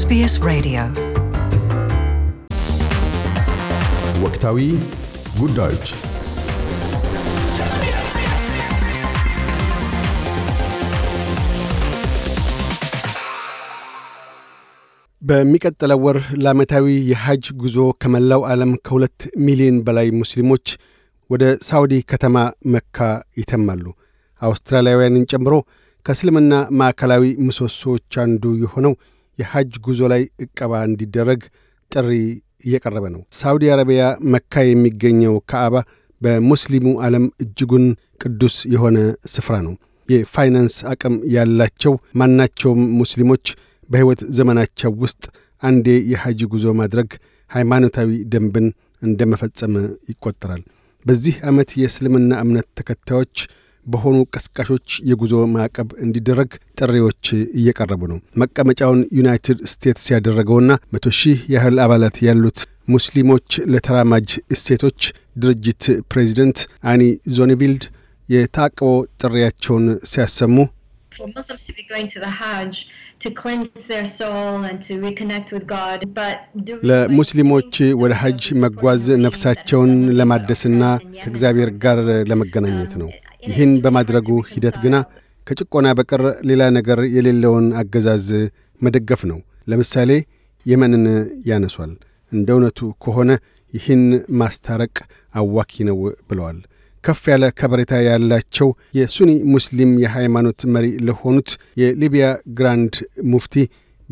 SBS Radio ወቅታዊ ጉዳዮች በሚቀጥለው ወር ለዓመታዊ የሐጅ ጉዞ ከመላው ዓለም ከሁለት ሚሊዮን በላይ ሙስሊሞች ወደ ሳውዲ ከተማ መካ ይተማሉ። አውስትራሊያውያንን ጨምሮ ከእስልምና ማዕከላዊ ምሰሶዎች አንዱ የሆነው የሐጅ ጉዞ ላይ እቀባ እንዲደረግ ጥሪ እየቀረበ ነው። ሳውዲ አረቢያ መካ የሚገኘው ከአባ በሙስሊሙ ዓለም እጅጉን ቅዱስ የሆነ ስፍራ ነው። የፋይናንስ አቅም ያላቸው ማናቸውም ሙስሊሞች በሕይወት ዘመናቸው ውስጥ አንዴ የሐጅ ጉዞ ማድረግ ሃይማኖታዊ ደንብን እንደመፈጸም ይቆጠራል። በዚህ ዓመት የእስልምና እምነት ተከታዮች በሆኑ ቀስቃሾች የጉዞ ማዕቀብ እንዲደረግ ጥሪዎች እየቀረቡ ነው። መቀመጫውን ዩናይትድ ስቴትስ ያደረገውና መቶ ሺህ ያህል አባላት ያሉት ሙስሊሞች ለተራማጅ እሴቶች ድርጅት ፕሬዚደንት አኒ ዞኒቪልድ የታቅቦ ጥሪያቸውን ሲያሰሙ ለሙስሊሞች ወደ ሀጅ መጓዝ ነፍሳቸውን ለማደስና ከእግዚአብሔር ጋር ለመገናኘት ነው። ይህን በማድረጉ ሂደት ግና ከጭቆና በቀር ሌላ ነገር የሌለውን አገዛዝ መደገፍ ነው። ለምሳሌ የመንን ያነሷል። እንደ እውነቱ ከሆነ ይህን ማስታረቅ አዋኪ ነው ብለዋል። ከፍ ያለ ከበሬታ ያላቸው የሱኒ ሙስሊም የሃይማኖት መሪ ለሆኑት የሊቢያ ግራንድ ሙፍቲ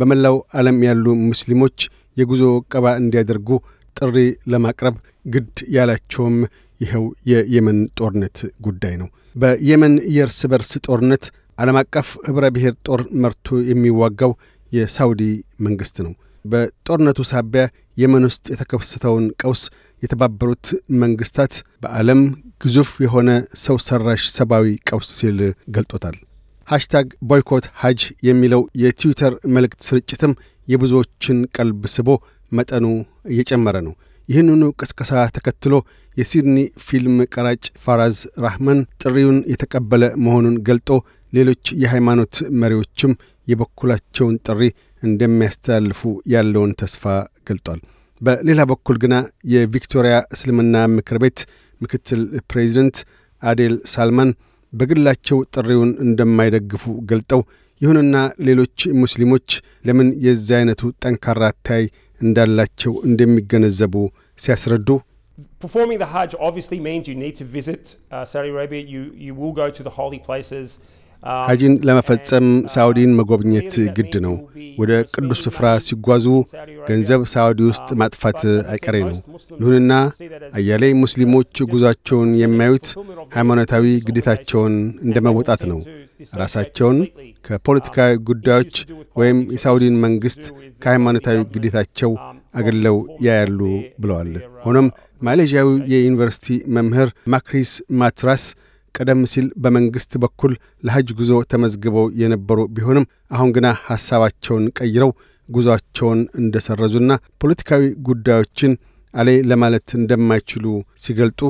በመላው ዓለም ያሉ ሙስሊሞች የጉዞ ቀባ እንዲያደርጉ ጥሪ ለማቅረብ ግድ ያላቸውም ይኸው የየመን ጦርነት ጉዳይ ነው። በየመን የእርስ በርስ ጦርነት ዓለም አቀፍ ኅብረ ብሔር ጦር መርቶ የሚዋጋው የሳውዲ መንግሥት ነው። በጦርነቱ ሳቢያ የመን ውስጥ የተከሰተውን ቀውስ የተባበሩት መንግሥታት በዓለም ግዙፍ የሆነ ሰው ሰራሽ ሰብአዊ ቀውስ ሲል ገልጦታል። ሃሽታግ ቦይኮት ሀጅ የሚለው የትዊተር መልእክት ስርጭትም የብዙዎችን ቀልብ ስቦ መጠኑ እየጨመረ ነው። ይህንኑ ቅስቀሳ ተከትሎ የሲድኒ ፊልም ቀራጭ ፋራዝ ራህማን ጥሪውን የተቀበለ መሆኑን ገልጦ ሌሎች የሃይማኖት መሪዎችም የበኩላቸውን ጥሪ እንደሚያስተላልፉ ያለውን ተስፋ ገልጧል። በሌላ በኩል ግና የቪክቶሪያ እስልምና ምክር ቤት ምክትል ፕሬዚደንት አዴል ሳልማን በግላቸው ጥሪውን እንደማይደግፉ ገልጠው ይሁንና ሌሎች ሙስሊሞች ለምን የዚህ አይነቱ ጠንካራ አታይ እንዳላቸው እንደሚገነዘቡ ሲያስረዱ Performing the Hajj obviously means you need to visit uh, Saudi Arabia. You, you will go to the holy places. Um, uh, ለመፈጸም ሳውዲን መጎብኘት ግድ ነው። ወደ ቅዱስ ስፍራ ሲጓዙ ገንዘብ ሳውዲ um, ውስጥ ማጥፋት አይቀሬ ነው። ይሁንና አያሌ ሙስሊሞች ጉዟቸውን የሚያዩት ሃይማኖታዊ ግዴታቸውን እንደ መወጣት ነው። ራሳቸውን ከፖለቲካዊ ጉዳዮች ወይም የሳውዲን መንግሥት ከሃይማኖታዊ ግዴታቸው አግለው ያያሉ ብለዋል። ሆኖም ማሌዥያዊ የዩኒቨርሲቲ መምህር ማክሪስ ማትራስ ቀደም ሲል በመንግሥት በኩል ለሐጅ ጉዞ ተመዝግበው የነበሩ ቢሆንም አሁን ግና ሐሳባቸውን ቀይረው ጉዞአቸውን እንደ ሰረዙና ፖለቲካዊ ጉዳዮችን አሌ ለማለት እንደማይችሉ ሲገልጡ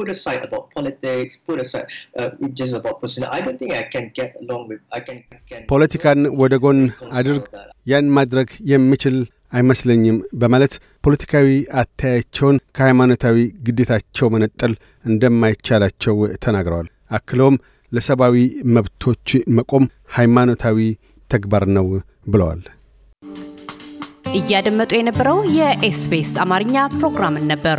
put aside about politics, put aside uh, just about personal. I don't think I can get along with I can. can ፖለቲካን ወደ ጎን አድርግ ያን ማድረግ የሚችል አይመስለኝም በማለት ፖለቲካዊ አታያቸውን ከሃይማኖታዊ ግዴታቸው መነጠል እንደማይቻላቸው ተናግረዋል። አክለውም ለሰብአዊ መብቶች መቆም ሃይማኖታዊ ተግባር ነው ብለዋል። እያደመጡ የነበረው የኤስቢኤስ አማርኛ ፕሮግራምን ነበር።